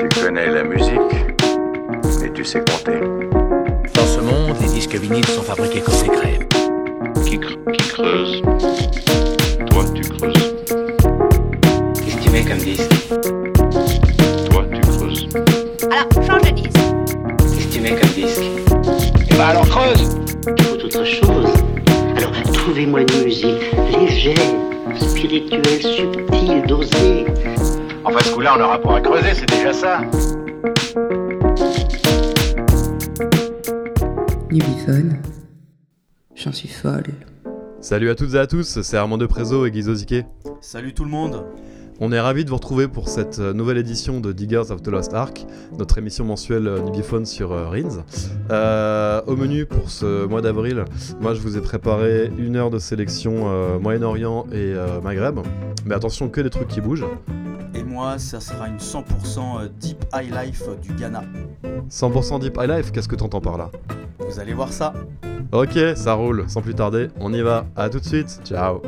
Tu connais la musique et tu sais compter. Dans ce monde, les disques vinyles sont fabriqués comme des crèmes. Qui, creuse Toi, tu creuses. Qu'est-ce que tu mets comme disque Toi, tu creuses. Alors, change de disque. Qu'est-ce que tu mets comme disque Eh ben alors, creuse Il faut autre chose. Alors, trouvez-moi une musique légère, spirituelle, subtile, dosée. Enfin, ce coup-là, on aura pour à creuser, c'est déjà ça. Nubiphone, j'en suis folle. Salut à toutes et à tous, c'est Armand Préso et Guy Salut tout le monde on est ravi de vous retrouver pour cette euh, nouvelle édition de Diggers of the Lost Ark, notre émission mensuelle Nubiphone euh, sur euh, Rins. au menu pour ce mois d'avril, moi je vous ai préparé une heure de sélection Moyen-Orient et Maghreb, mais attention que des trucs qui bougent. Et moi, ça sera une 100% Deep High Life du Ghana. 100% Deep High Life, qu'est-ce que t'entends par là Vous allez voir ça. Ok, ça roule, sans plus tarder, on y va, à tout de suite, ciao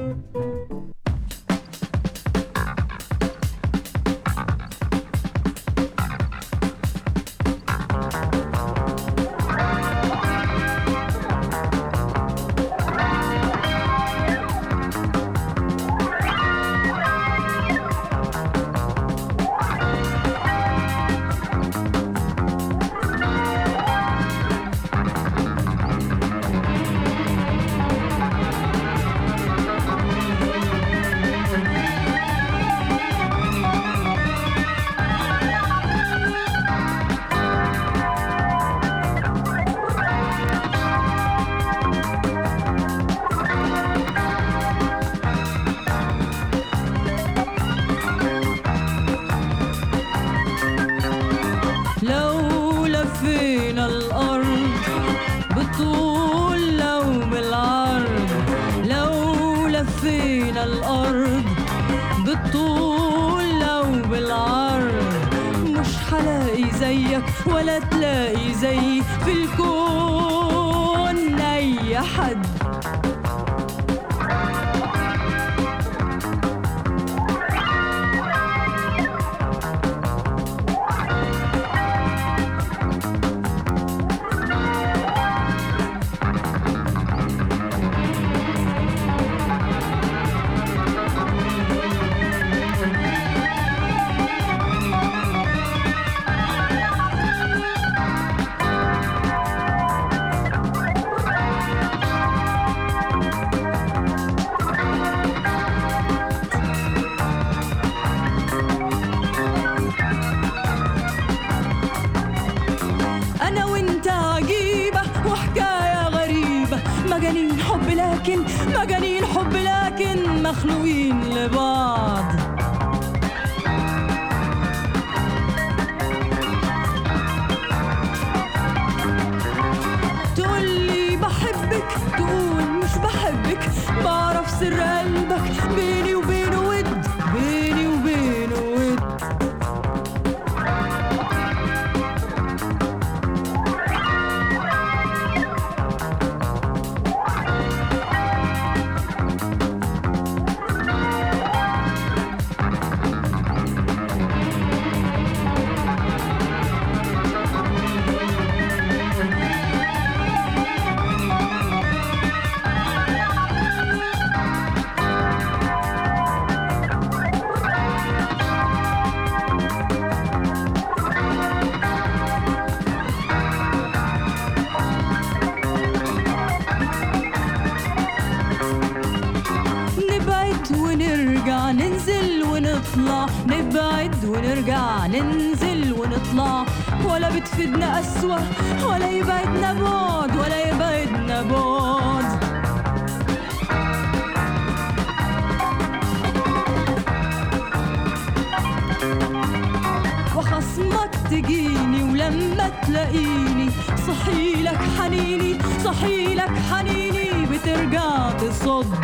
حنيني صحي لك حنيني بترجع تصد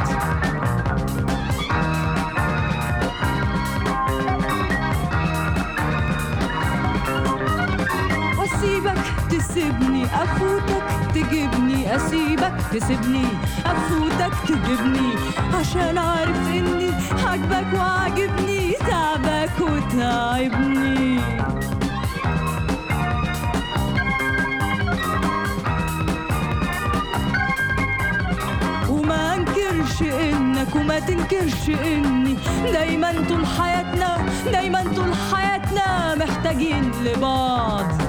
أسيبك تسيبني أفوتك تجيبني أسيبك تسيبني أفوتك تجيبني عشان عارف إني حاجبك وعاجبني تعبك وتعبني تنكرش انك وما تنكرش اني دايما طول حياتنا دايما طول حياتنا محتاجين لبعض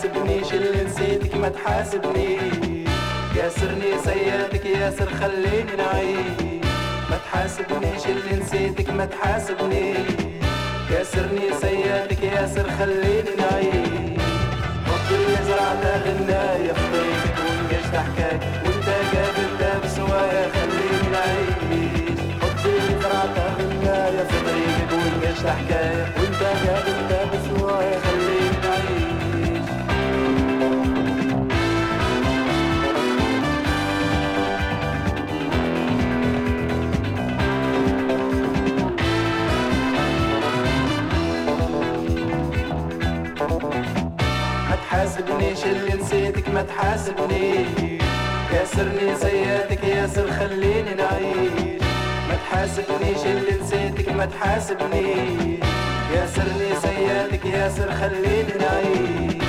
تحاسبنيش اللي نسيتك ما تحاسبني ياسرني سيادك ياسر خليني نعيش ما تحاسبنيش اللي نسيتك ما تحاسبني ياسرني سيادك ياسر خليني نعيش حب اللي زرعته غناية يا طريقك ونقشت حكاك وانت قابلتها بسوايا خليني نعيش حب اللي زرعته غناية يا طريقك ونقشت حكاك وانت قابلتها تحاسبنيش اللي نسيتك ما تحاسبنيش ياسرني سياتك ياسر خليني نعيش ما تحاسبنيش اللي نسيتك ما تحاسبنيش ياسرني سياتك ياسر خليني نعيش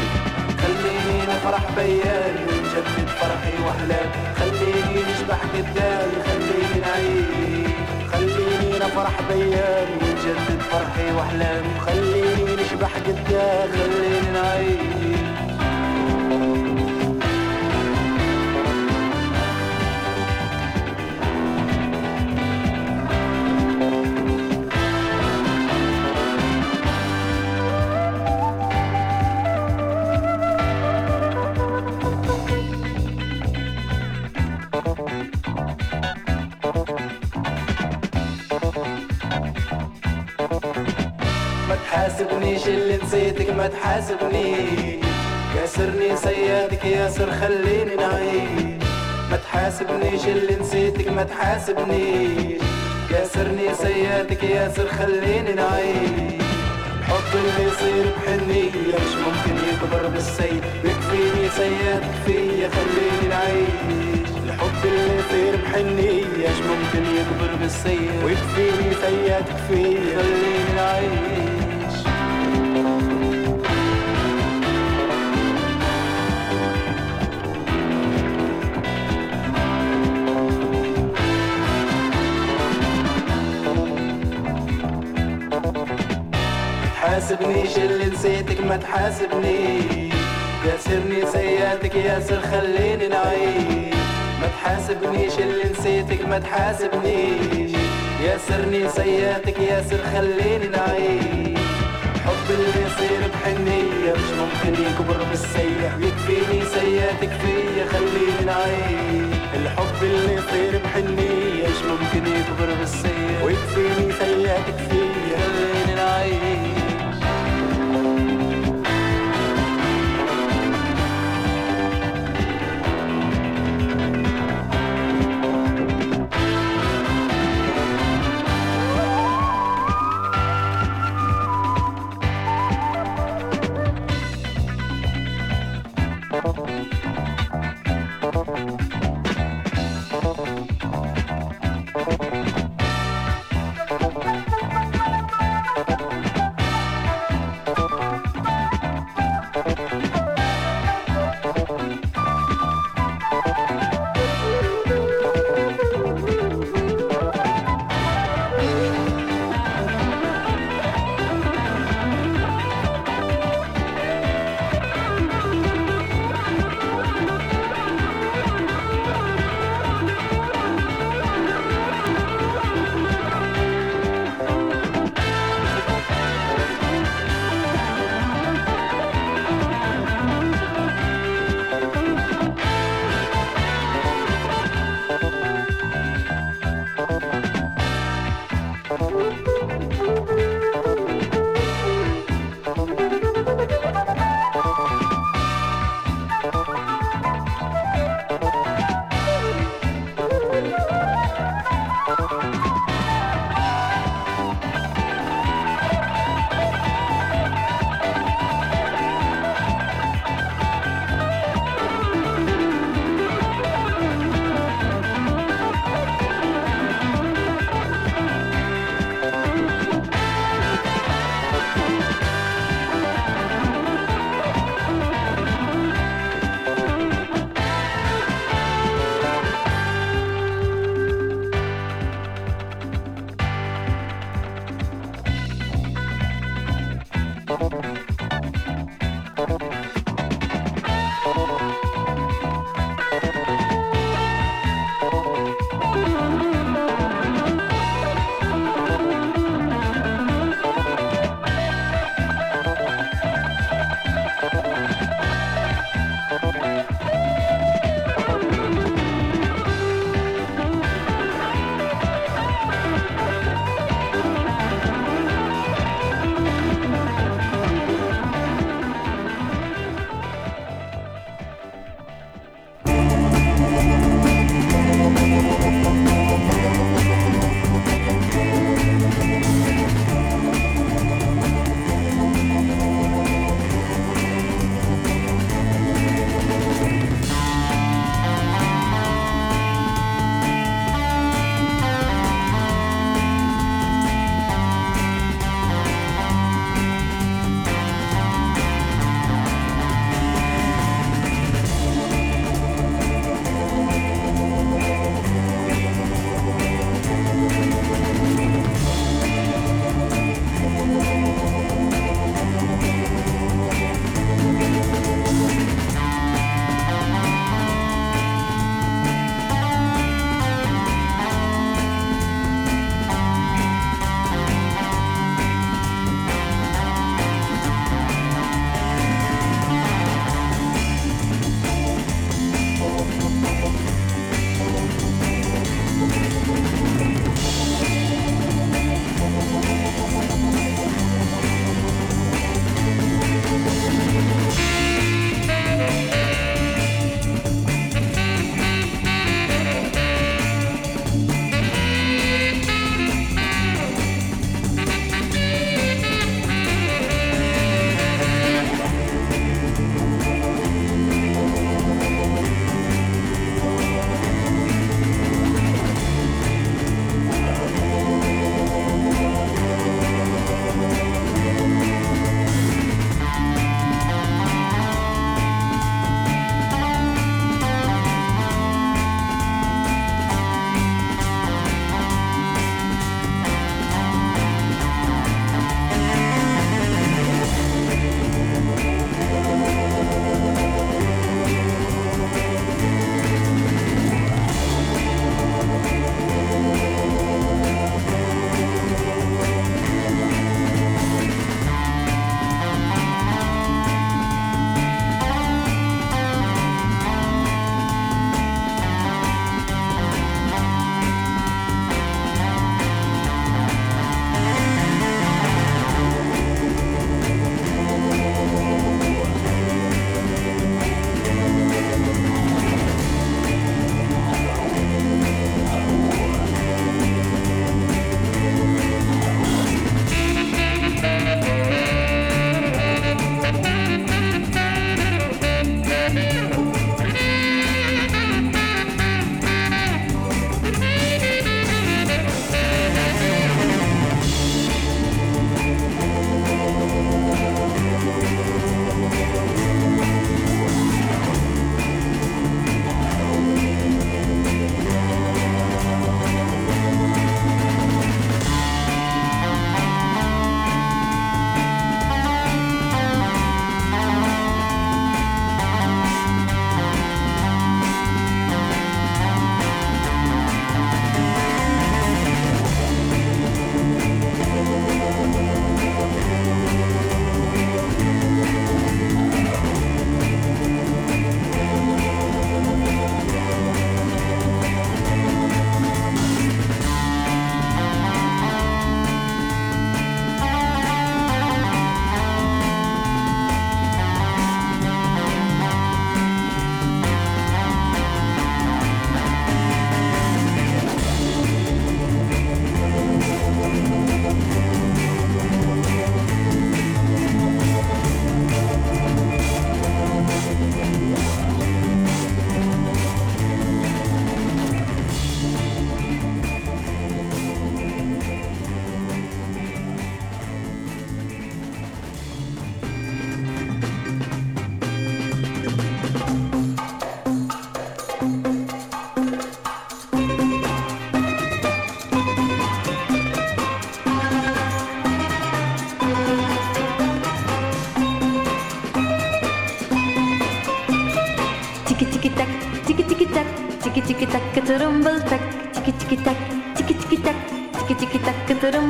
خليني نفرح بيالي ونجدد فرحي واحلامي خليني نشبح قدامي خليني نعيش خليني نفرح بيالي ونجدد فرحي واحلامي خليني نشبح قدامي خليني نعيش بيدك ما تحاسبني كاسرني صيادك ياسر خليني نعيش ما تحاسبنيش اللي نسيتك ما تحاسبنيش كاسرني صيادك ياسر خليني نعيش الحب اللي يصير بحنية مش ممكن يكبر بالسيف يكفيني صيادك فيا خليني نعيش الحب اللي يصير بحنية مش ممكن يكبر بالسيف ويكفيني صيادك فيا خليني نعيش تحاسبنيش اللي نسيتك ما تحاسبنيش ياسرني سياتك ياسر خليني نعيش ما تحاسبنيش اللي نسيتك ما تحاسبنيش ياسرني سياتك ياسر خليني نعيش حب اللي يصير بحنية مش ممكن يكبر بالسيء يكفيني سياتك فيا خليني نعيش الحب اللي يصير بحنية مش ممكن يكبر بالسيء ويكفيني سياتك فيا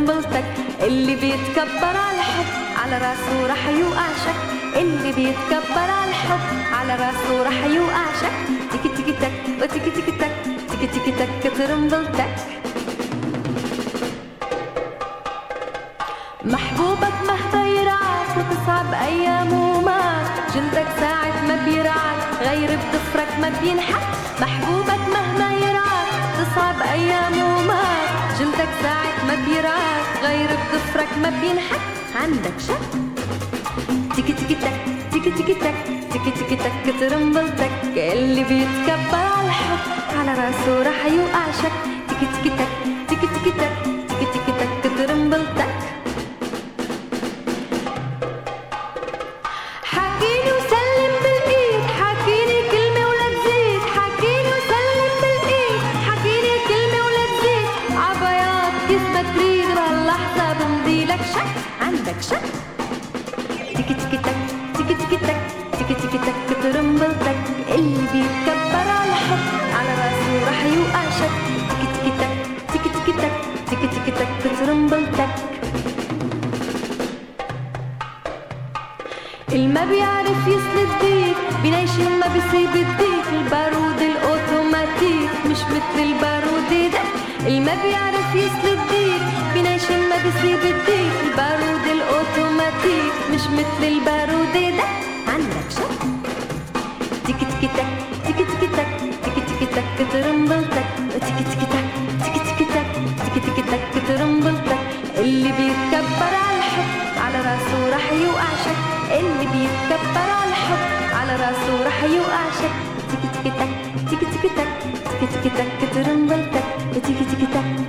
بلطك اللي بيتكبر على الحب على راسه راح يوقع شك اللي بيتكبر على الحب على راسه راح يوقع شك تيكي تيكي تك وتيكي تيكي تك تيكي تيكي تك ترمبلتك محبوبك مهما يرعاك وتصعب ايامه معك جلدك ساعة ما بيرعاك غير بضفرك ما بينحك محبوبك مهما يرعاك تصعب ايامه معك جلدك ساعة ما بيرعاك غير بظفرك ما بينحك عندك شك تيكي تيكي تك تيكي تيكي تك تيكي تيكي تك كترم بلتك اللي بيتكبر على الحب على راسه راح يوقع شك تيكي تيكي تك تيكي تيكي تك ما بيعرف يسند بيك بينيشن ما بيسيب الديك البارود الاوتوماتيك مش مثل البارود ده الما بيعرف يسند بيك بينيشن ما بيسيب الديك البارود الاوتوماتيك مش مثل البارود ده عندك شك تيكي تيكي تك تيكي تيكي تك تيكي تيكي تك ترمبلتك تيكي تيكي تك تيكي تيكي تك تيكي تيكي تك ترمبلتك اللي بيت راسو راح يوقع شك تيكي تيكي تك تيكي تيكي تك تيكي تيكي تك ترنبل تك تيكي تيكي تك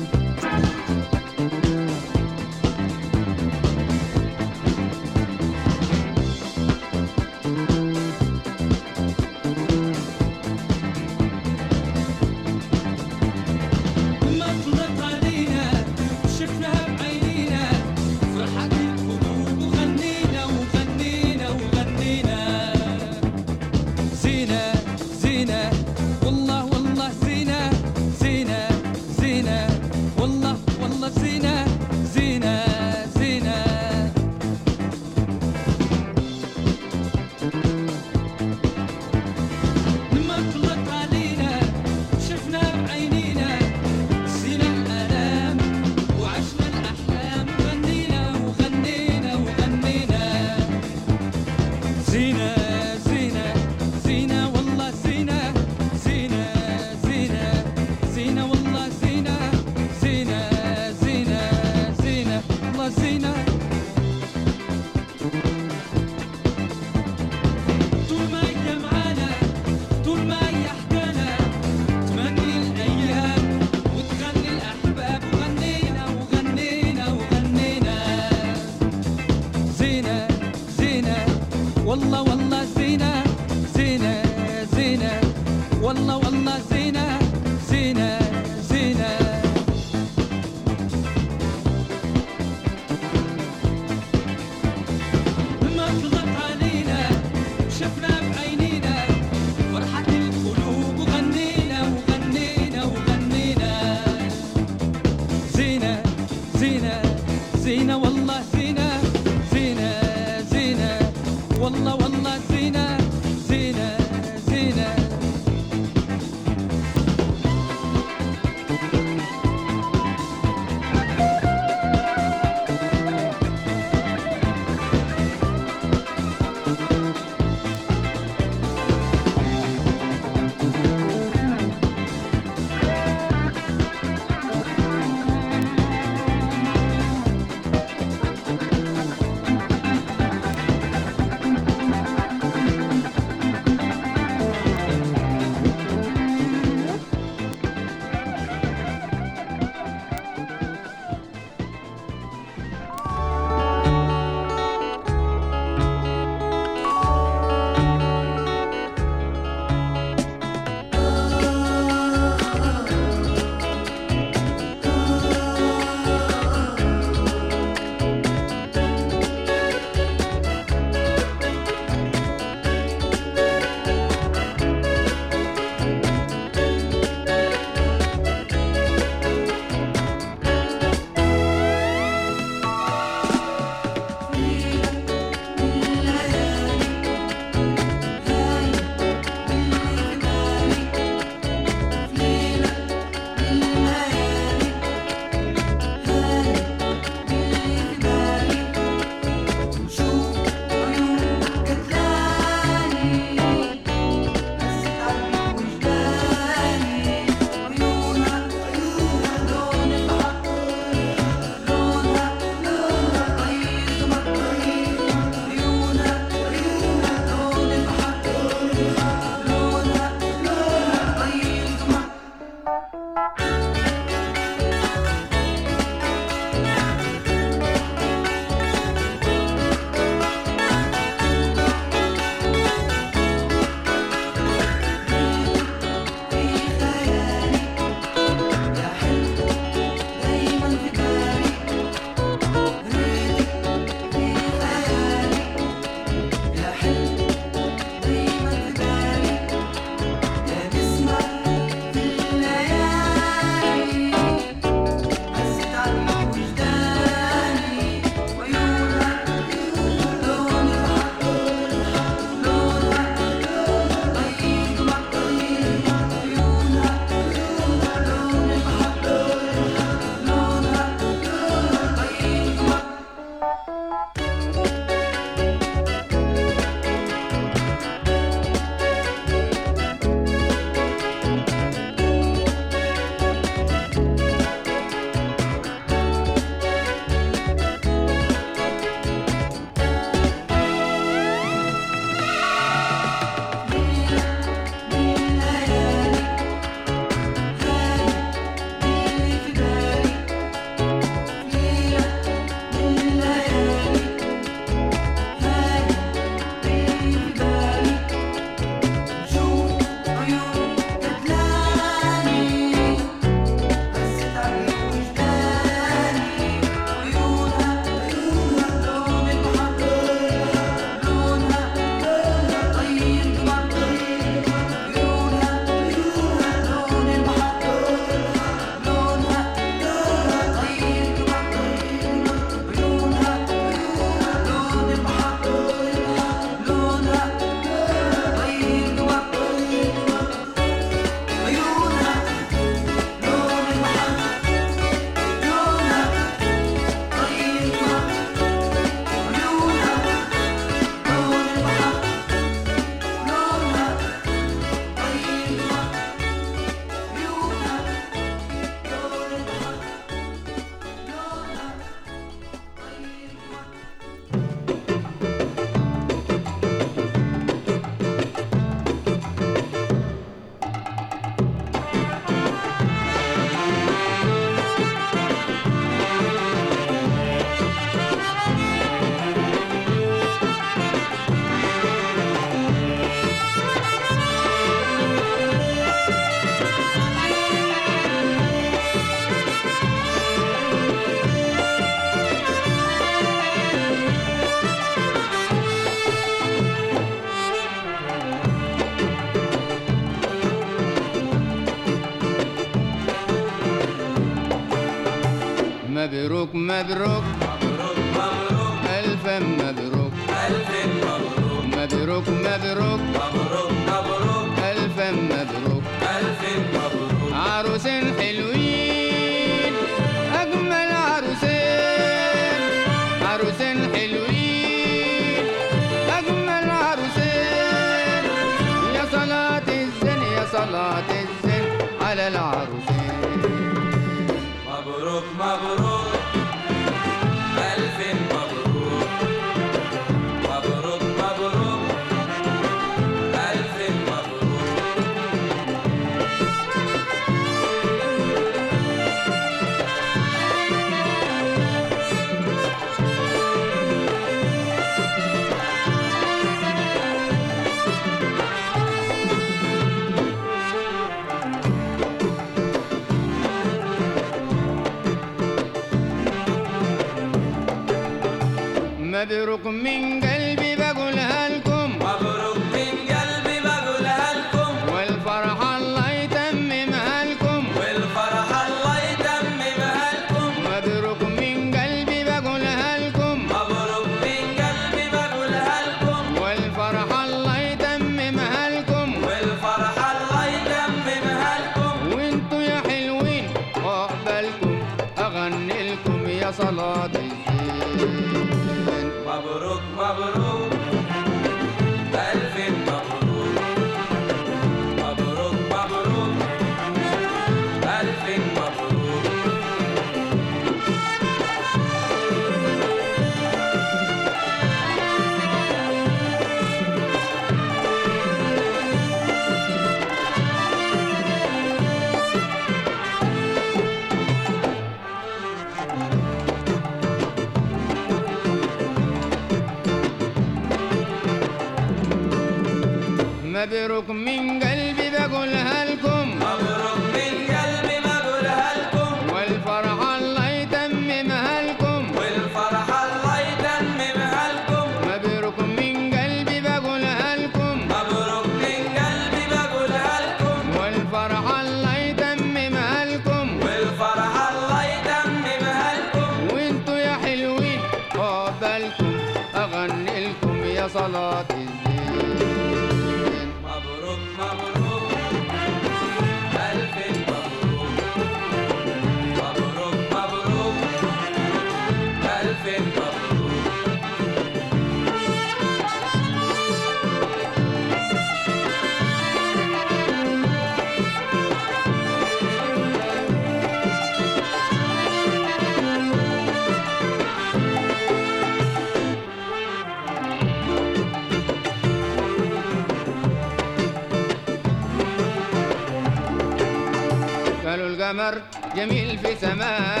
جميل في سماء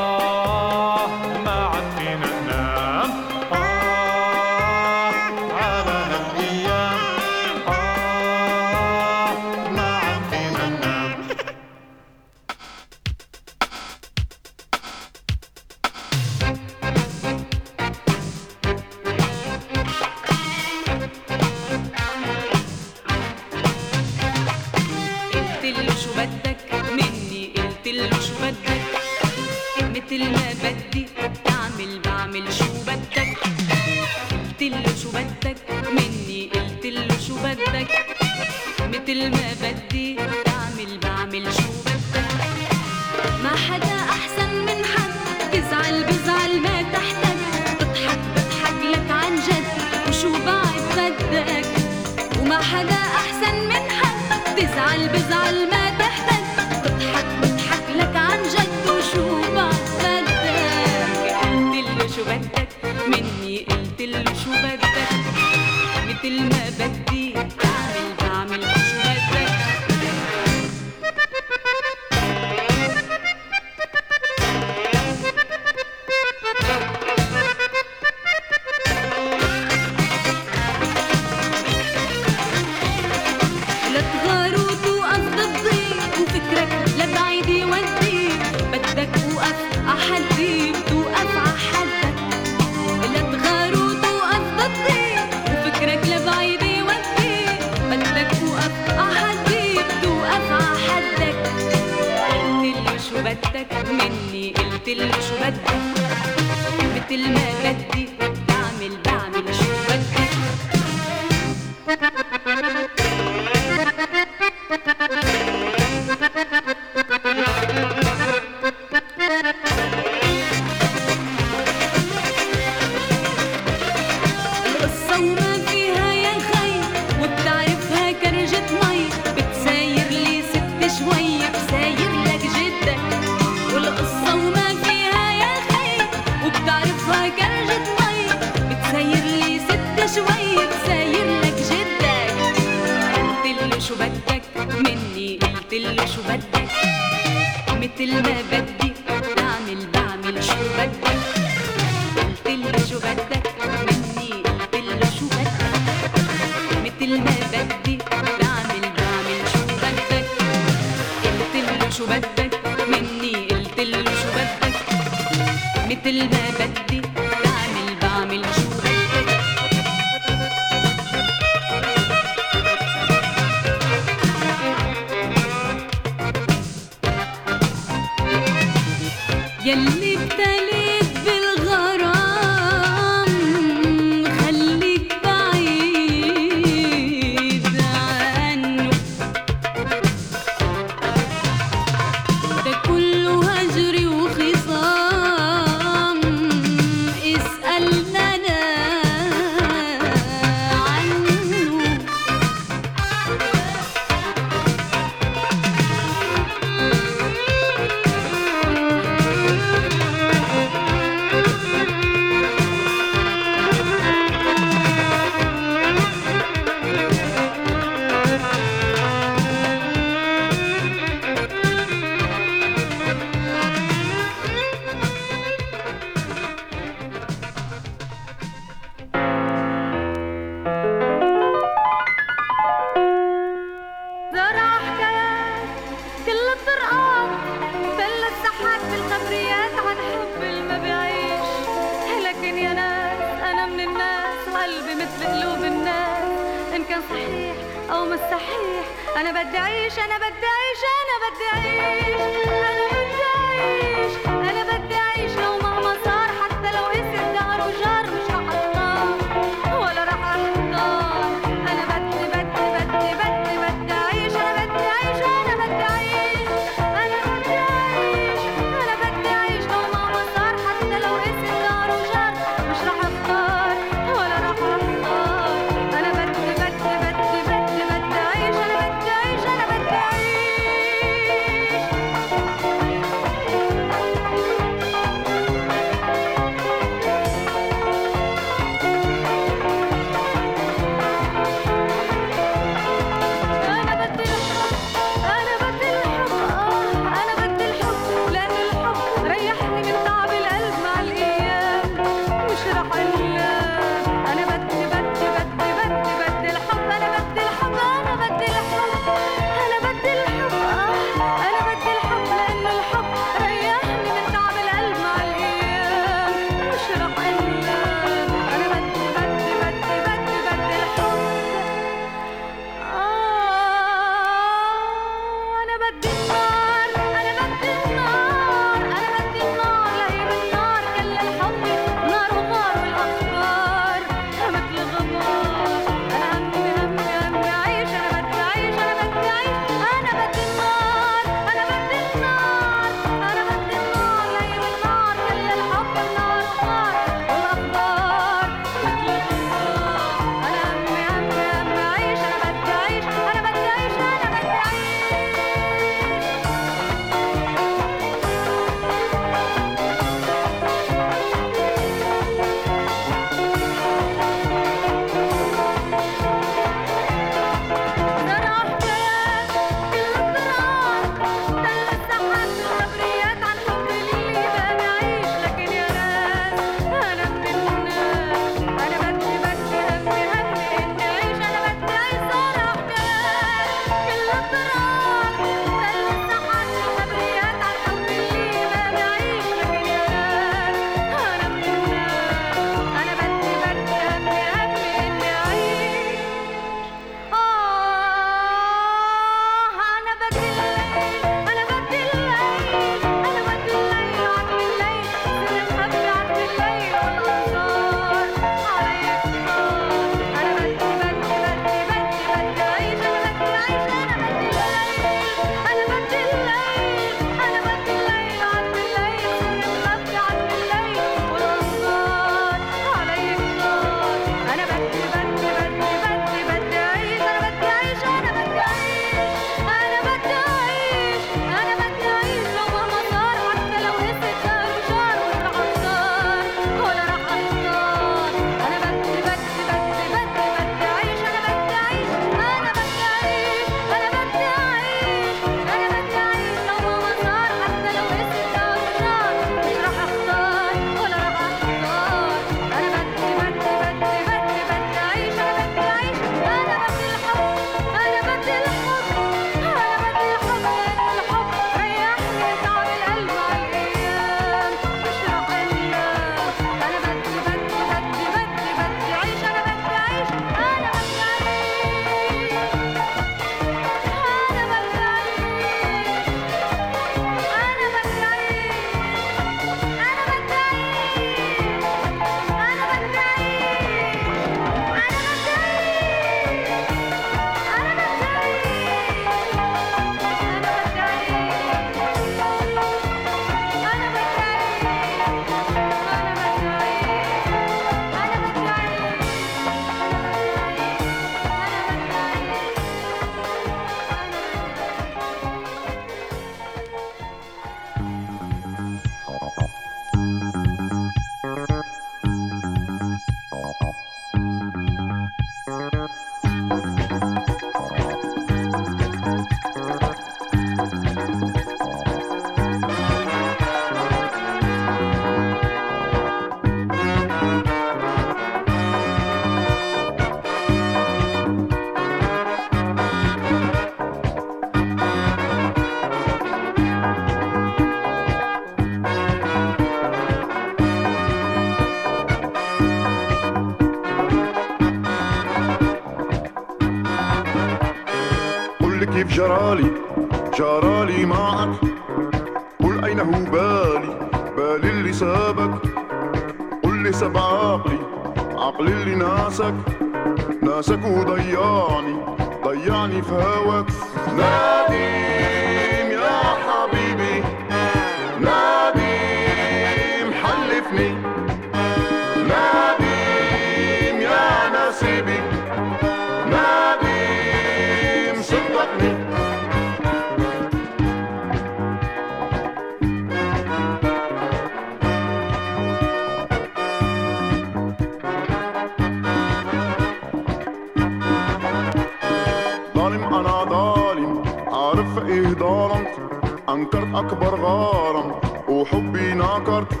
أكبر غرام وحبي ناكرت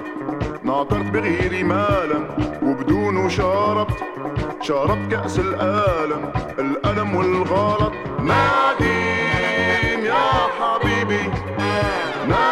ناكرت بغيري مالا وبدونه شربت شربت كأس الألم الألم والغلط ناديم يا حبيبي ناديم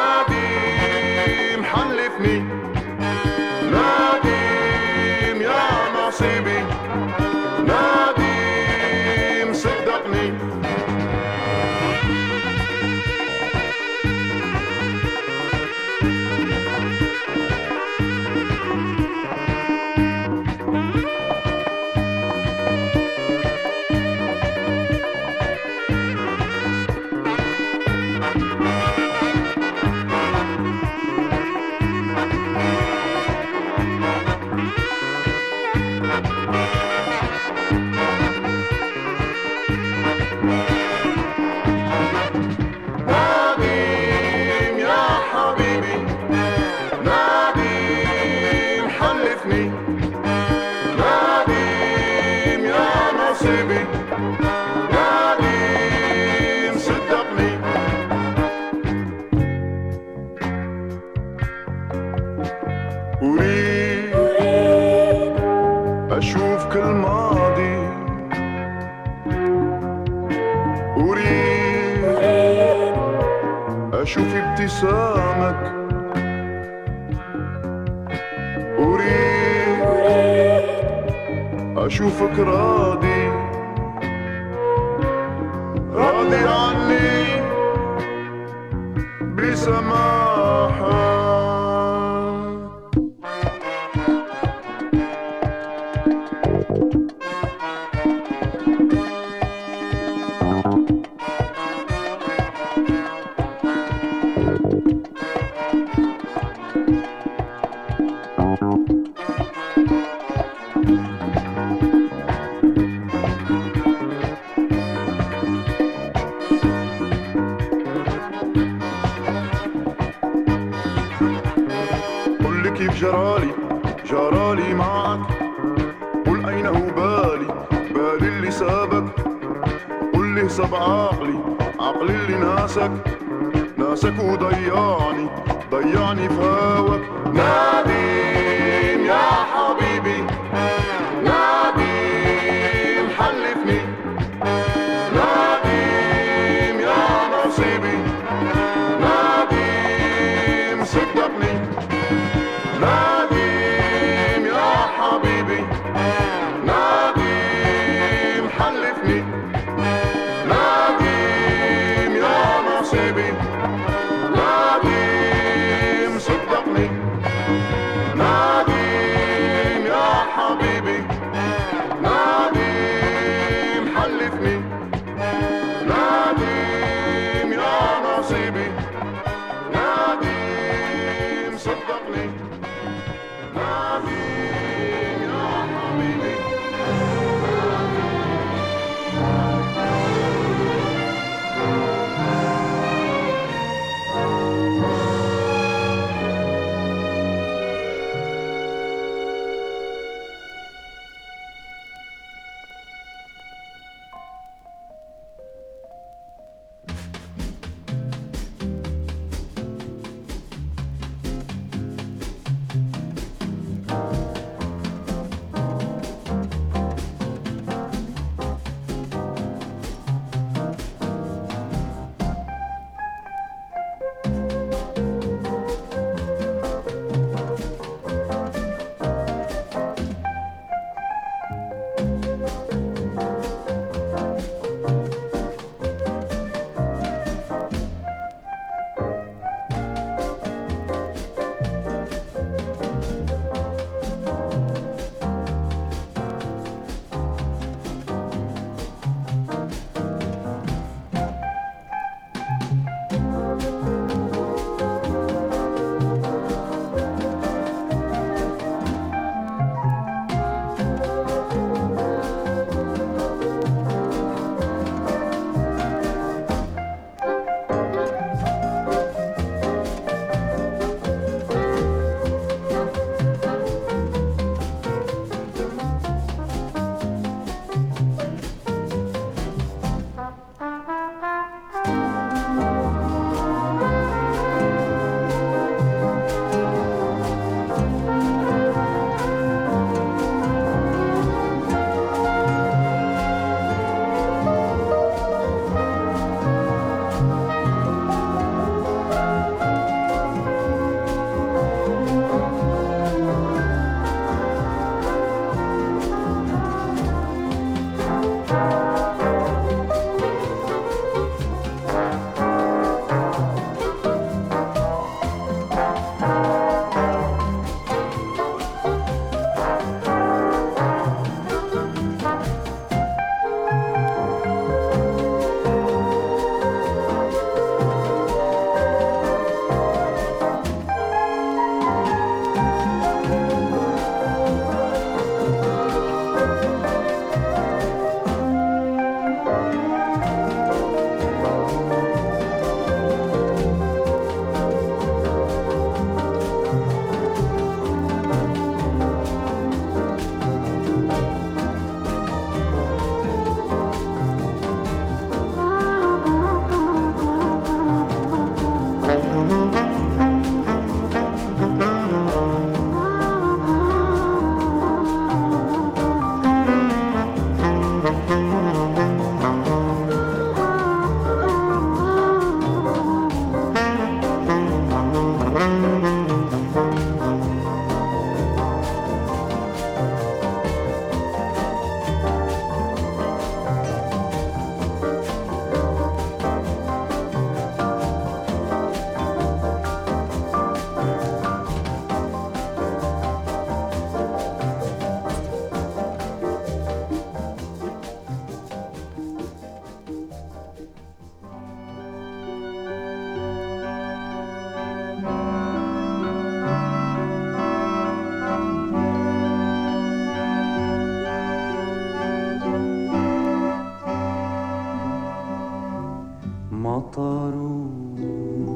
مطر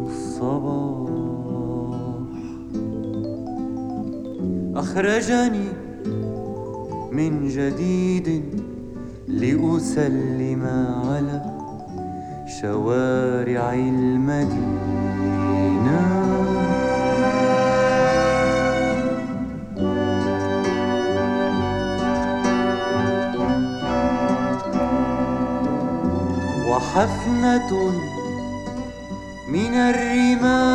الصباح أخرجني من جديد لأسلم على شوارع المدينه وحفنة rimane.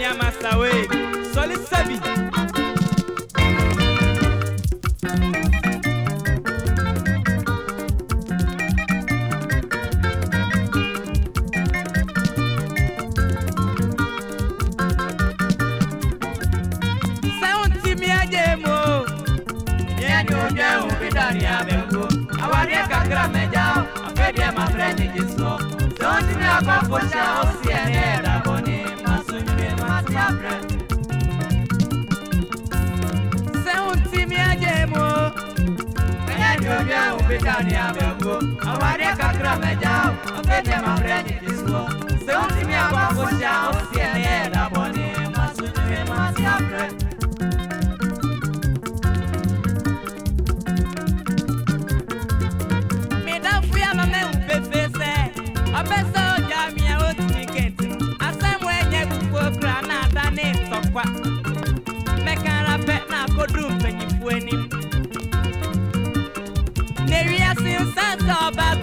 mia master way. Solid Sabi. Kakra meja, afedi ya mafreni jiso, zonti ni akwa posha osa. ni amego ọmọdé kakra mẹja ọfẹ jẹ mamrẹ ni disco sẹwọn ti mi àbá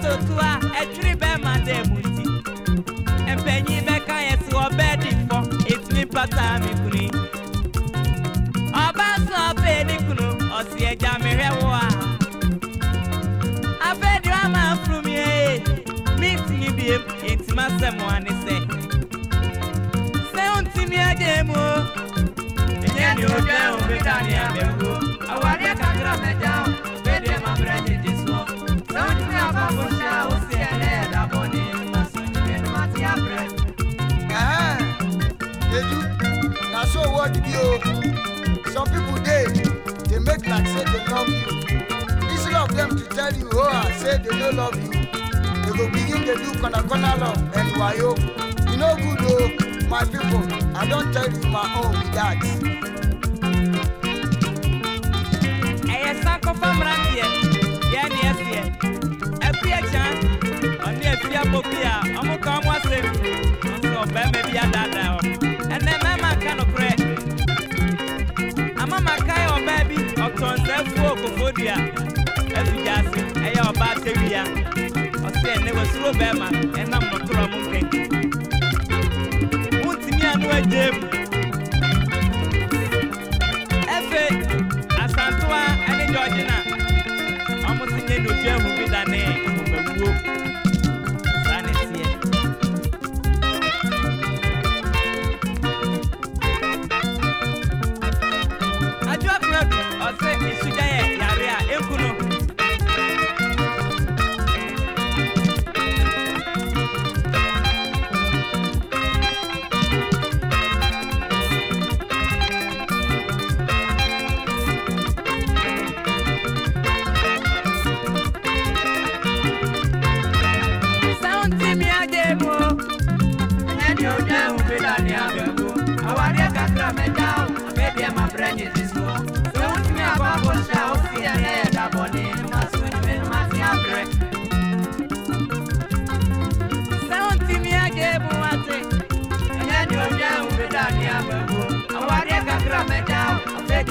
sotua ɛtwiri e bɛrima dɛ mu nti mpanyin e bɛka yɛ si ɔbɛɛdifɔ etumi pata mi kunu yi so ɔbɛɛ ne kunu osi ɛgya e mi hwɛ wo a afɛɛdi wa maa furu mi ee mi ntumi biem ntoma Se mo ani sɛ sɛ o ntumi agye mu o ɛnyɛ ni o bɛ o bɛ ka ni abɛ wo awadeɛ kakra bɛ o bɛ deɛ ma brɛ ne di Some people they they make like say they love you. Instead of them to tell you, oh, I say they don't love you, they go begin to do corner corner love and wayo. You know good oh, my people. I don't tell you my own with that. Hey, it's bia bobia ɔmo ka ɔmo asɛm nso bɛrima bi adaadaa hɔ ɛnɛ mɛma ka nokorɛ amama kae ɔbaa bi ɔtɔn sɛ fuo kofodua afigya ase ɛyɛ ɔbaa tewia ɔsɛ ɛnɛ wasuro bɛrima ɛnam nokorɛ ɔmo nkɛnkɛ wontumi ano agye mu ɛfe e asantoa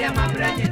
my brother.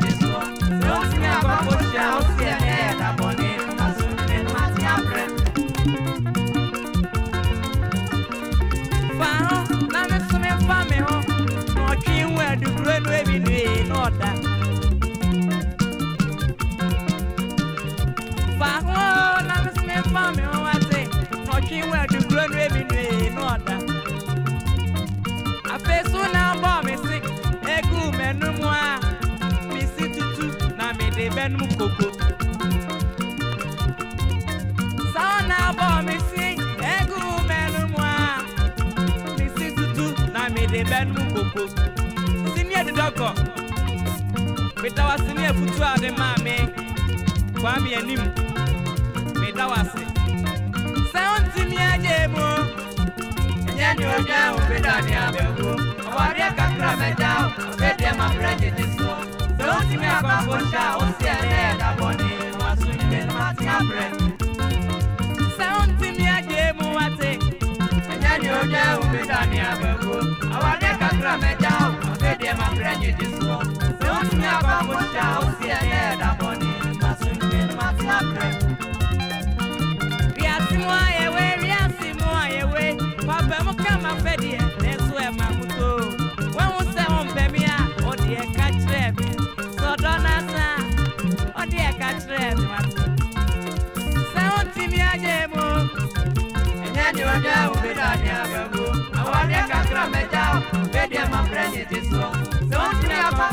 meda wase ne afutu a de maa me kwa me anim meda wase sɛ wontimi agye mu ɛnyɛ ne ɔnwa wo beda ne abɛwu ɔwareɛ kakra mɛgya wo bɛdeɛ mabrɛ gyegye so sɛ wontimi abafo nhyɛ a wosi ɛnɛ ɛda bɔne waso nyime no mate abrɛ sɛ wontimi agye mu wate ɛnyɛ ne ɔnwa wo beda ne abɛwu ɔwareɛ kakra mɛgya wo ma prenye disko Don't me aba musha usia ne da boni Masunte masakre Riasi mwa ewe, riasi mwa ewe Wabe muka mafedi e, nesu e kachre mi So kachre mi watu Se unti mi wanya ubidani abebu Awali kakra mejao, bedi e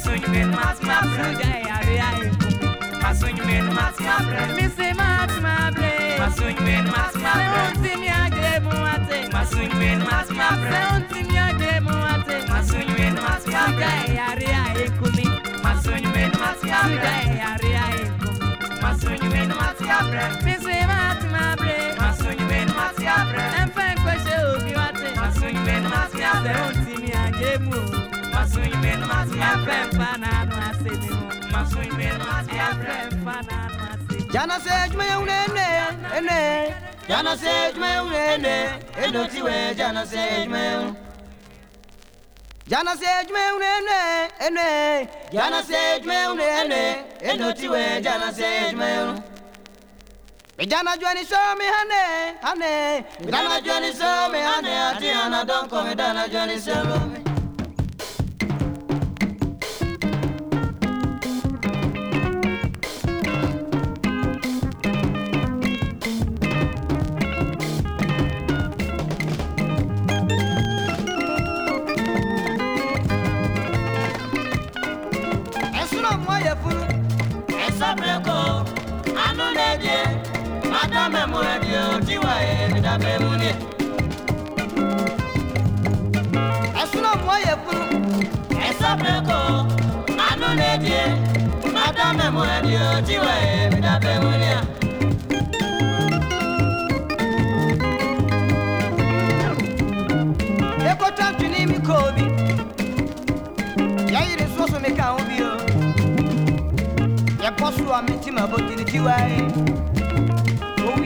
sonho mesmo mate mabre. Ai, ai, ai. Mas sonho mesmo mate mabre. Me se mate mabre. Mas sonho mesmo mate mabre. Não se me agrebo até. Mas sonho mesmo mate mabre. Não se me agrebo até. Mas sonho mesmo mate mabre. Ai, ai, ai, comi. Mas sonho mesmo mate mabre. Ai, ai, ai, comi. Mas sonho mesmo mate mabre. Me se mate mabre. Mas sonho mesmo mate mabre. Enfin, quoi, je oublie até. Mas sonho mesmo mate mabre. Não se me agrebo. Jana mas minha prefana no aceno. Masuimeno, mas minha prefana no aceno. Já nasceu de manhã um nenê, nenê. Já nasceu de manhã um nenê. Eu não te ué, já nasceu de manhã. Já nasceu de manhã um nenê, nenê. Já nasceu de manhã um nenê. juani somi hane hane Vijana juani somi hane Ati ana donko vijana juani dame mu edi oti wa edi dame mu ni. ẹ̀sùnà mú ọyẹ fún. ẹ̀sọ́ pẹ̀kọ́ anú lè di ẹ̀ má dame mu edi oti ni. ekotwa ntuni mi kọ soso mi ka ho bi o yẹ kọ so a mi ma bo tiri tiwa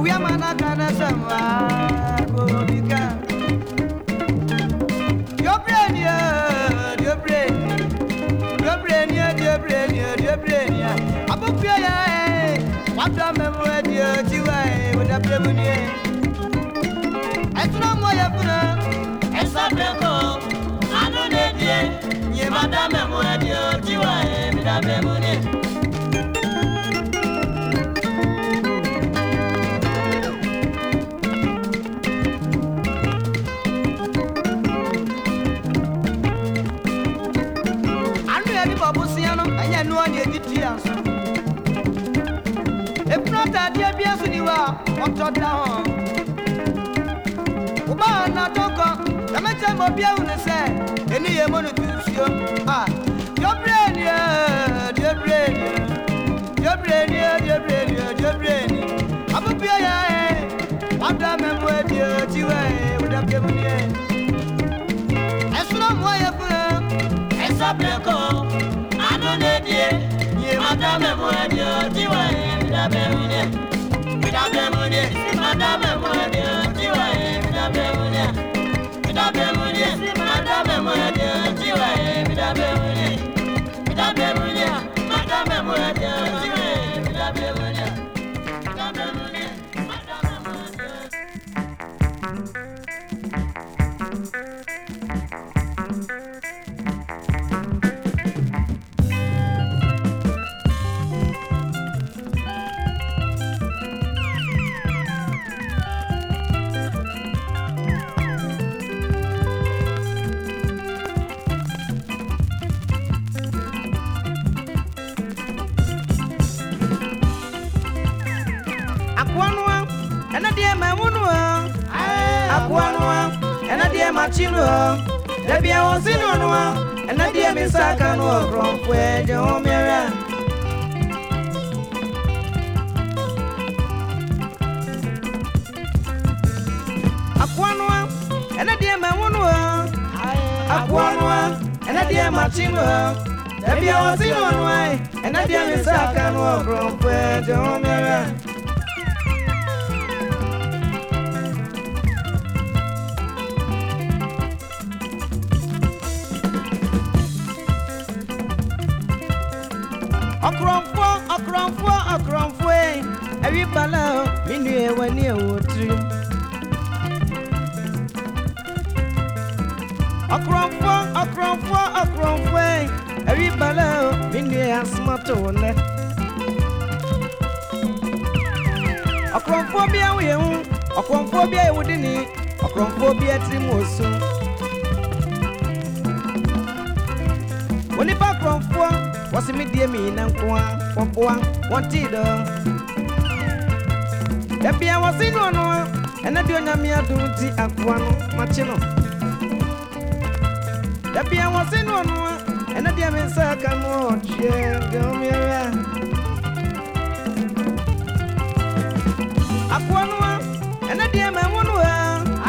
Uya mana kana sama Bobika Your brain yeah Your brain Your brain yeah Your brain yeah Your brain yeah Abukya yeah Wabda memwe diyo chiwa Wada prebunye Esra moya funa Esra preko Anu ne diye Nye madame mwe diyo chiwa Mida bemwe tɔbla hɔ wo ba na to kɔ dɛmɛtɛ mo bia wu ne sɛ ɛni yɛ mo ne tu suo a ah, diobre nie eh, diobre nie diobre nie eh, diobre nie eh, diobre nie abubio yɛ wabla mɛ mo ebie ti wɛ wo dɛ bia mu nie ɛsoro mo yɛ funu ɛsɛ bile ko ano ne die yɛ wabla mɛ mo ebie ti wɛ wo dɛ bia mu nie wo dɛ bia mu. mama, mama. akyi no hɔ da bia wɔ si no no a ɛna deɛ me nsa aka no wɔ korɔmpo ɛ gye ho mmeɛrɛ akoa no a ɛna deɛ ma wo no hɔ akoa no a ɛna deɛ ma kyi no hɔ da bia wɔ si no no a ɛna deɛ me nsa aka no wɔ korɔmpo ɛ mɔtoo nnɛ ɔkorɔmfoɔ bia woyɛ ho ɔkorɔmfoɔ bia yɛ wo de ni ɔkorɔmfoɔ bia tirim wɔ su onipa korɔmfoɔ wɔse me die miina nko a wɔboa wɔntee dɔ da bia wɔse no ɔno a ɛnɛ deɛ onyame adom nti akoa no makye no da bia wɔse no ɔno a And I damn it, I can watch you. Go me around. Aquanua, and I damn I want to.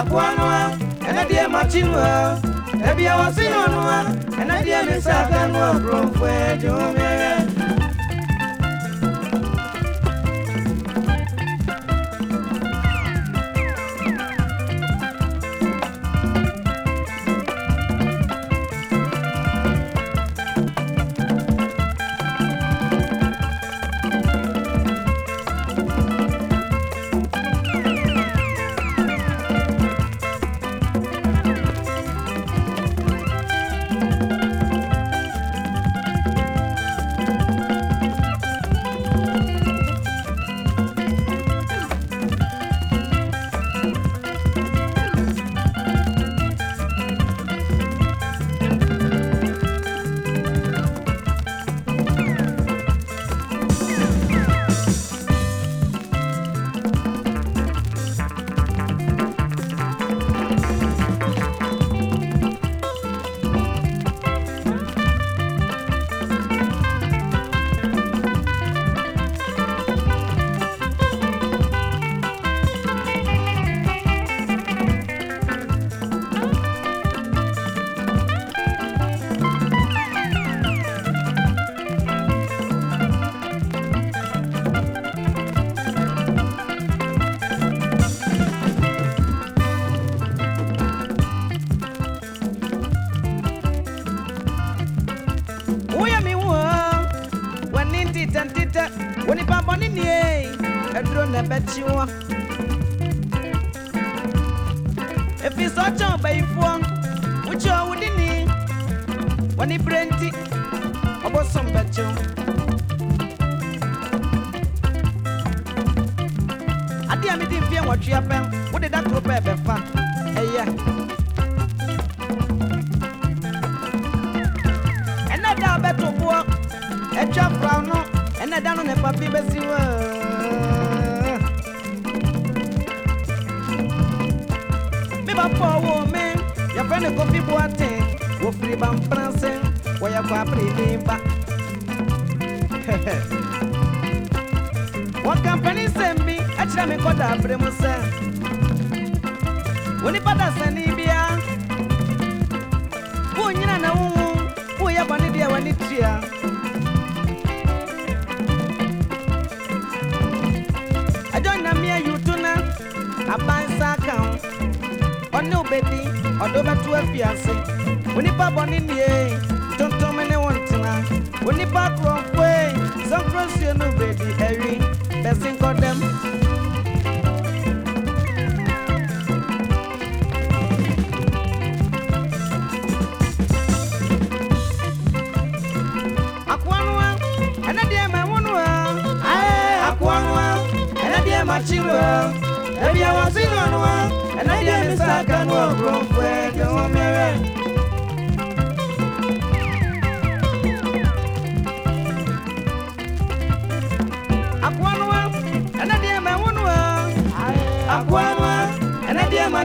Aquanua, and I damn Machinua. Every hour, see one, and I damn it, I can watch you. Go me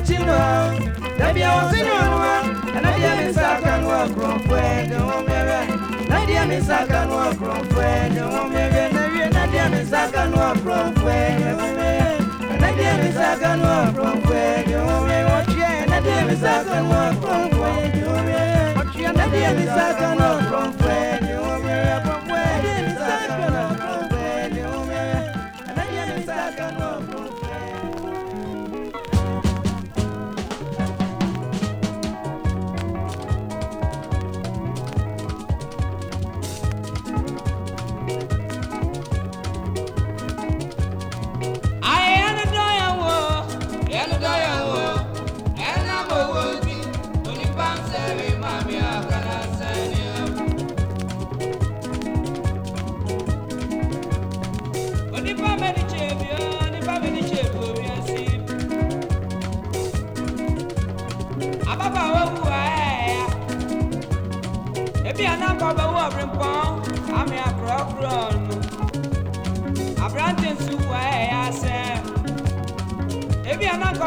chilwa na bia wasinwa misaka nwa krofwe de misaka nwa krofwe de misaka nwa krofwe de misaka nwa krofwe de misaka nwa krofwe misaka nwa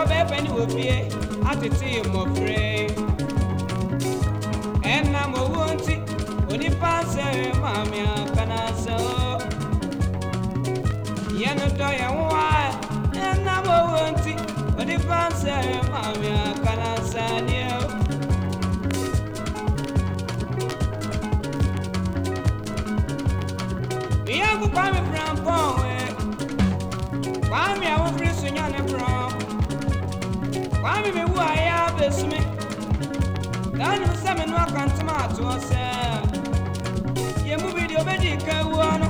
bɛɛbɛ ne wɔ bie atetee mmɔfre ɛnam owuo nti onipa sɛ maame apanasɛ o yɛno dɔ yɛ ho a ɛnam owuo nti onipa sɛ maame apanasɛ adeɛ o yɛnko kwame mi mi wu a yɛ abɛsumi ɛnim sɛ me no akantema atoɔ sɛ yɛ mu bi deɛ obɛdi ka awua no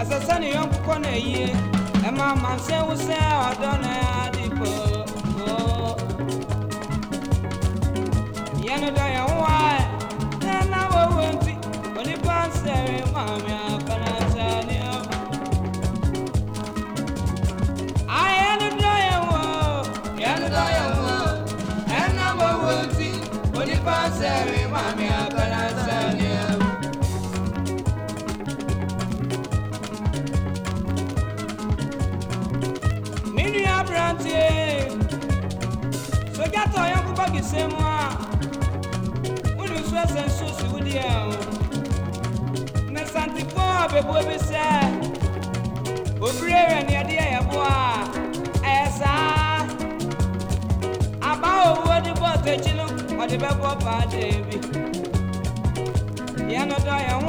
ɛsɛ sɛ ne yɔnkokɔ na ayie ɛma amansɛ wo sɛ ɔdɔ no ade nsɛm a wonim so asɛ nsoso wodeɛ o na santefoɔ a bɛboa bi sɛ obirewerɛ neade a yɛboa a ɛyɛ saa abaa owuo de bɔɔ takyi no ɔde bɛbɔ paa deɛ bi yɛno dɔ yɛ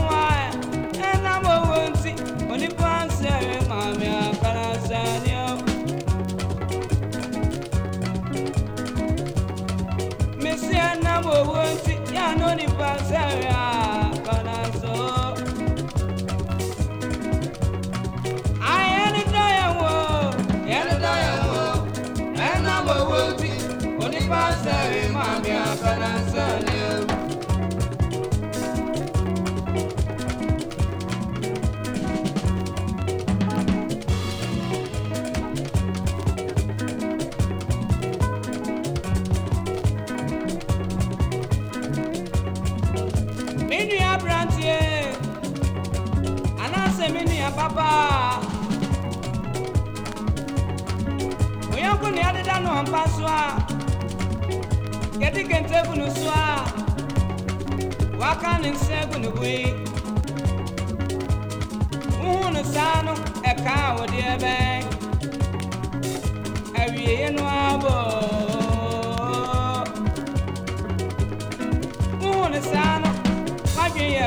owó ntí yá ló ní pàṣẹ àkànná sọ. ayẹni dọ́yẹ̀wò yẹni dọ́yẹ̀wò ẹ̀ náà owó ntí onípàṣẹ rẹ̀ máa mi àkànná sọ ni. antie anase mi nua papa onyanko ne adeda no ampa so a yɛde kente gu no so a waka ne nsa gu ne bue wohu no saa no ɛkaa wo deɛ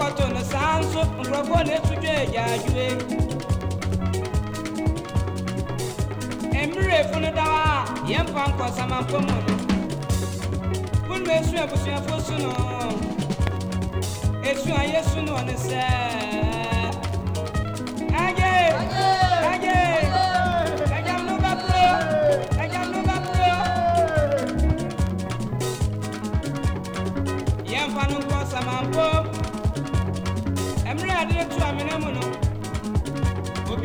kwato no saa nso na etu dwa agyaadwoe mmerɛ efunu dawa a yɛmfa nkɔsamanfo mu no wunu esu abusuafo su no esu a yɛsu no ne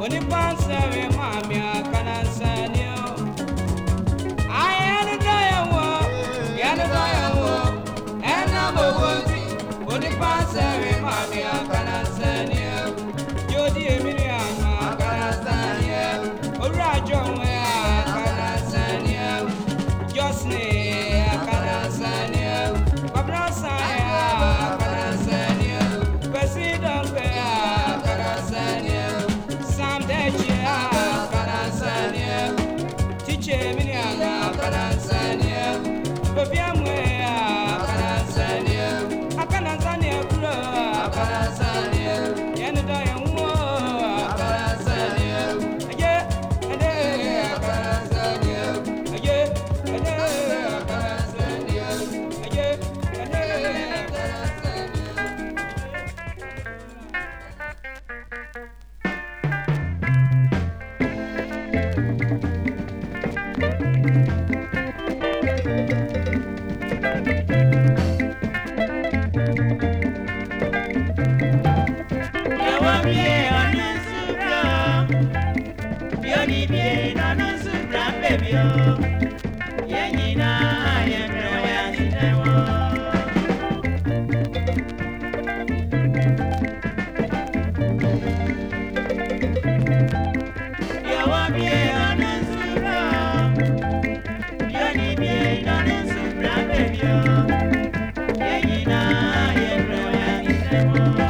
When you pants are Thank you.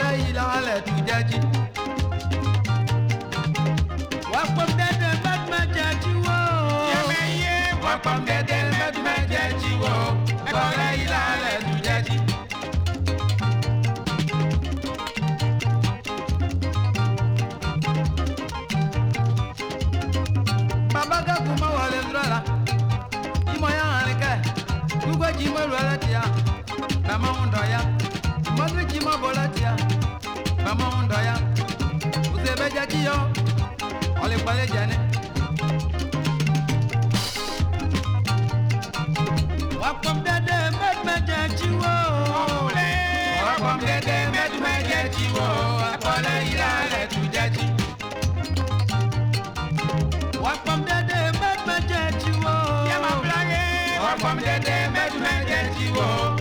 lẹ́yìn lọ́lẹ̀ tó jẹ́jí. Wapam dẹ́dẹ̀ bàtmà jẹ́jí wò. Yẹ́mẹ̀yẹ́ wapam dẹ́dẹ̀. yẹ kí yọ ọ̀lẹ́pàlẹ́ jẹ ní. wàpọ̀m dẹ́dẹ́ mẹ́tẹ́mẹ́jẹ jí wò. wàpọ̀m dẹ́dẹ́ mẹ́tẹ́mẹ́jẹ jí wò àpọ̀lẹ́ ilé alẹ́ tún jẹ́ jí. wàpọ̀m dẹ́dẹ́ mẹ́tẹ́mẹ́jẹ jí wò. yẹ́n máa bila yẹn. wàpọ̀m mẹ́tẹ́mẹ́jẹ jí wò.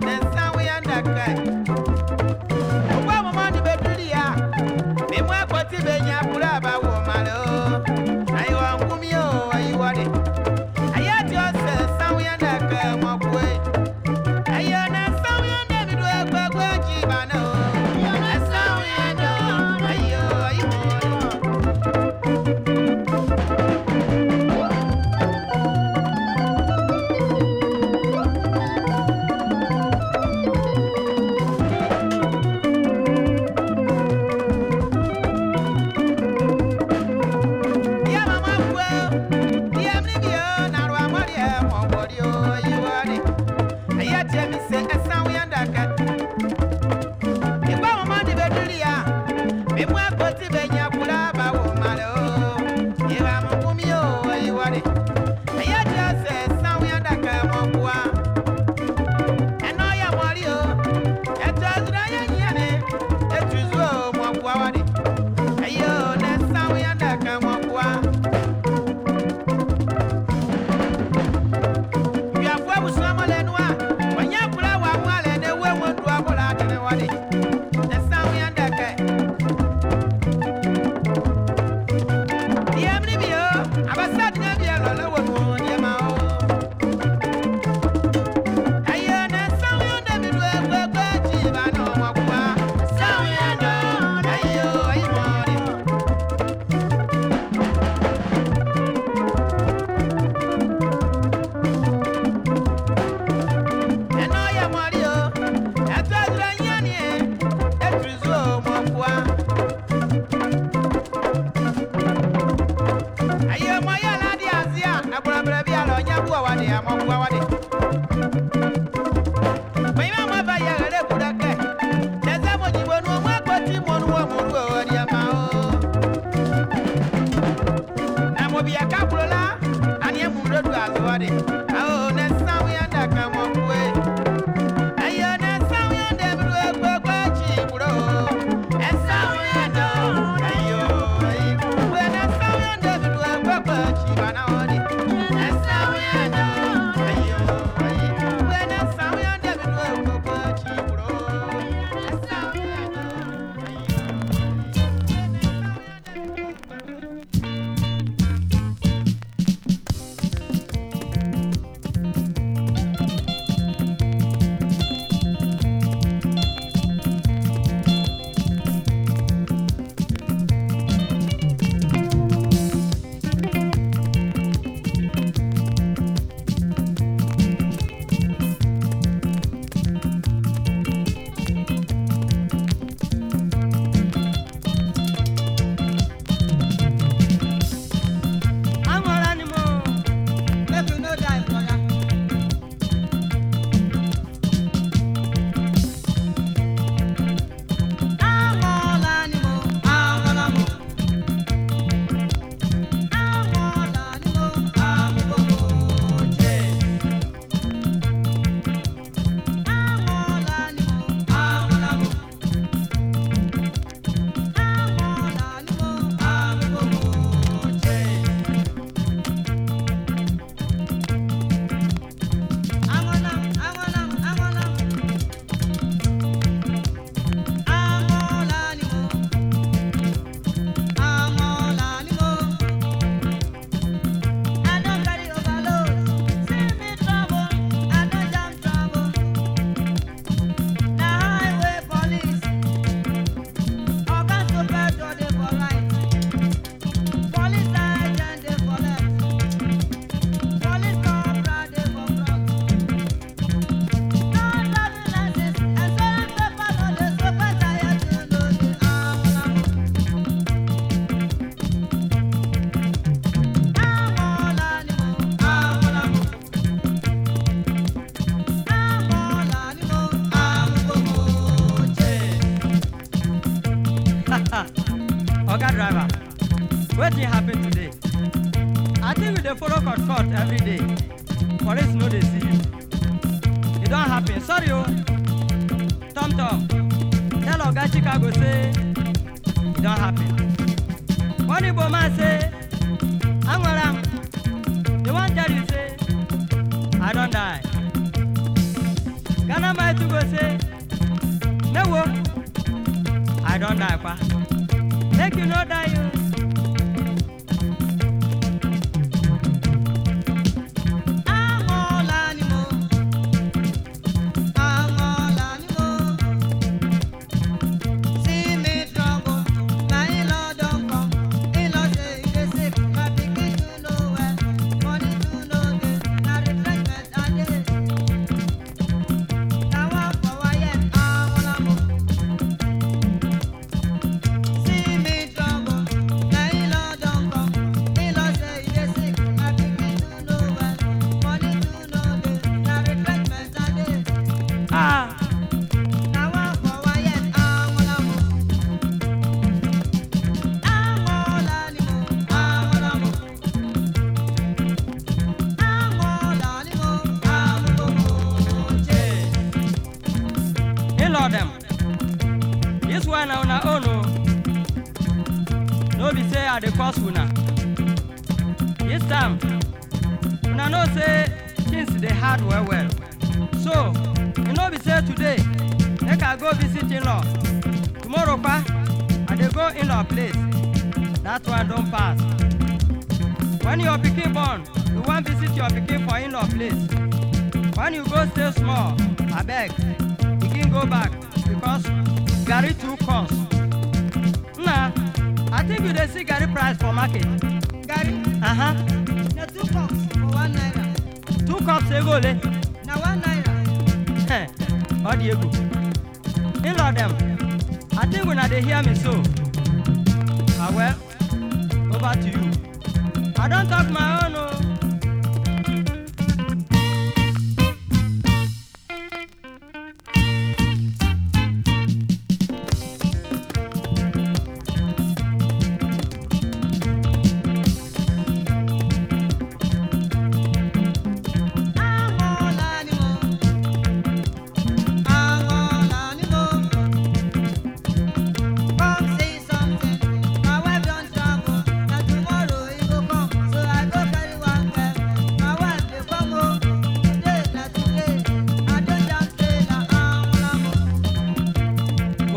Then some we are not crying.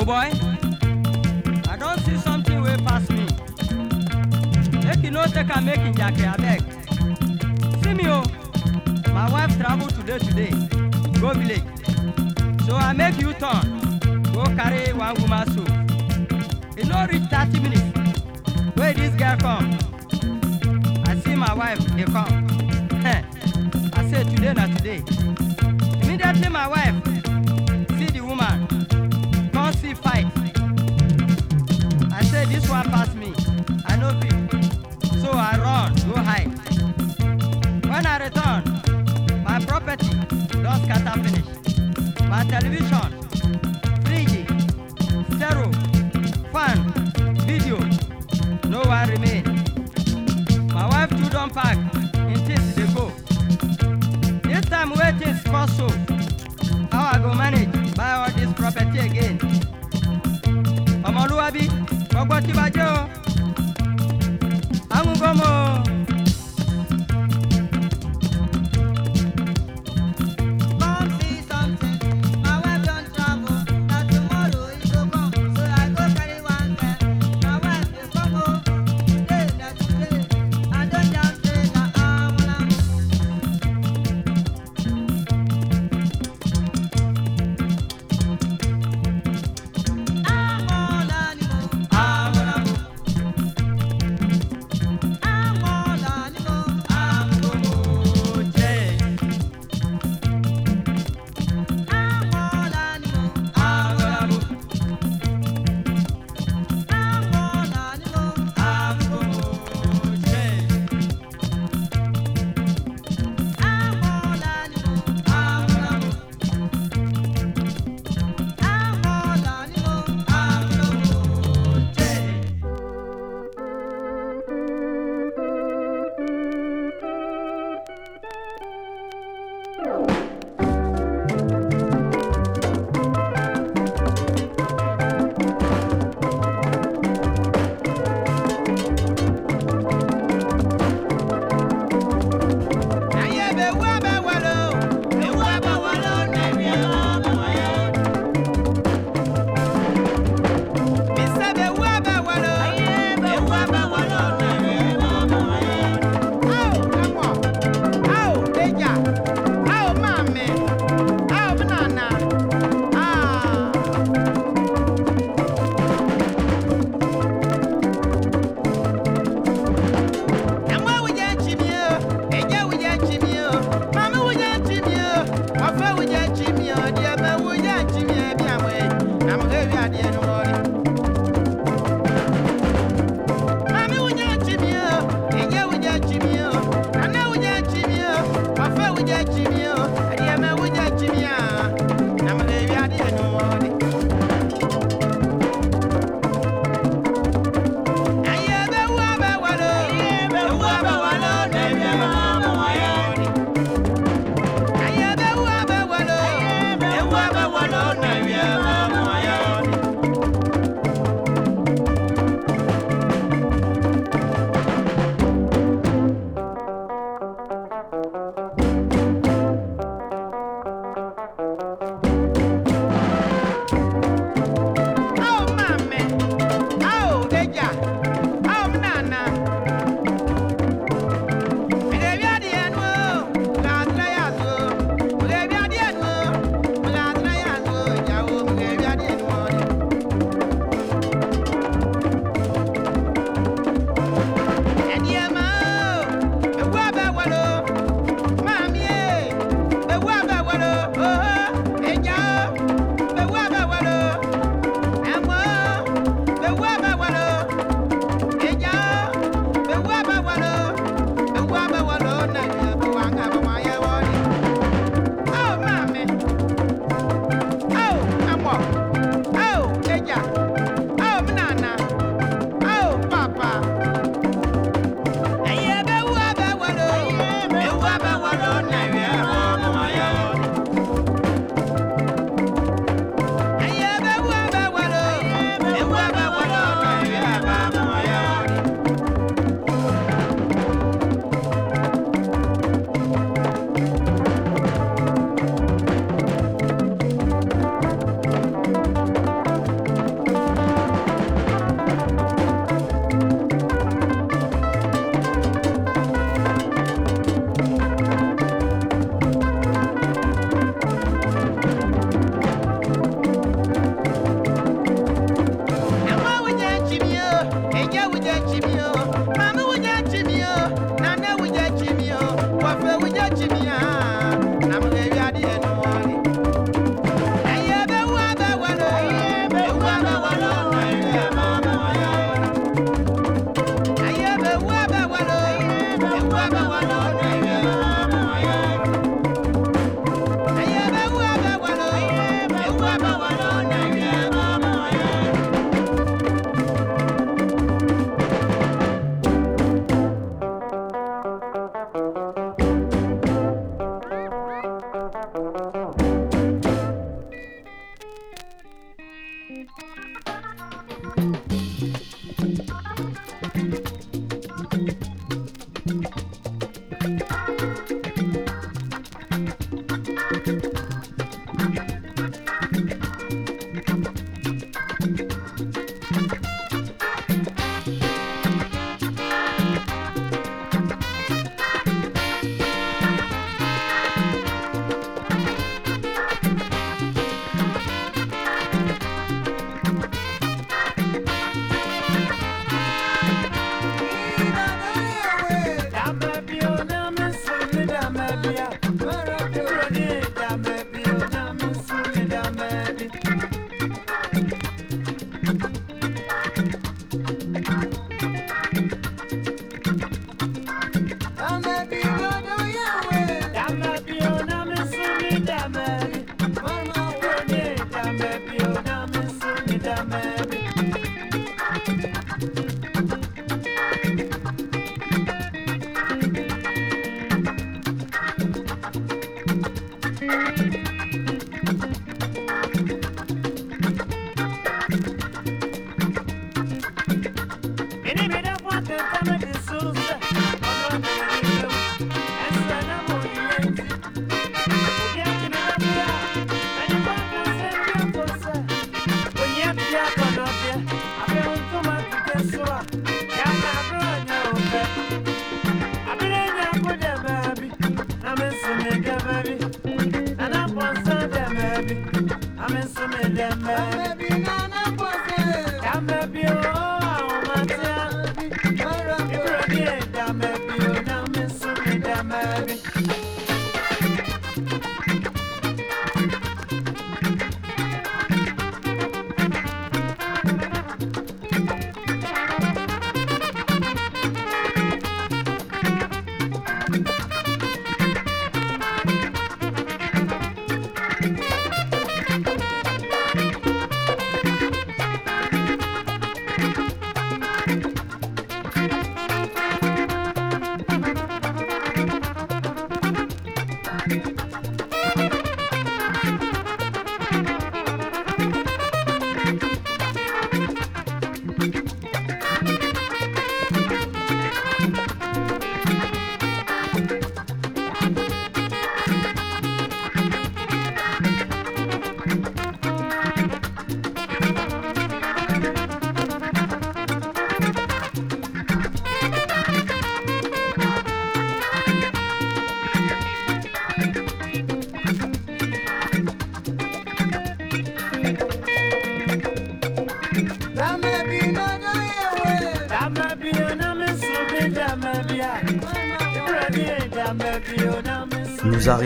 boy i don't see something way past me make you no take a make you I beg. see me oh, my wife travel today today go village so i make you turn go carry one woman soup e no reach thirty minutes Where this girl come i see my wife dey come i say today not today immediately my wife see fight. I say this one pass me. I know people. So I run, go hide. When I return, my property don't scatter finish. My television, 3G, zero, fan, video, no one remain. My wife too don't pack. ọgbọ́n tí bàjẹ́ o amúbọ́mọ́ o.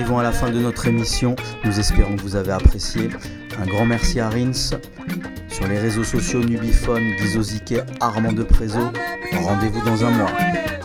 arrivons à la fin de notre émission. Nous espérons que vous avez apprécié. Un grand merci à Rins. Sur les réseaux sociaux Nubiphone, Gizozike, Armand de Rendez-vous dans un mois.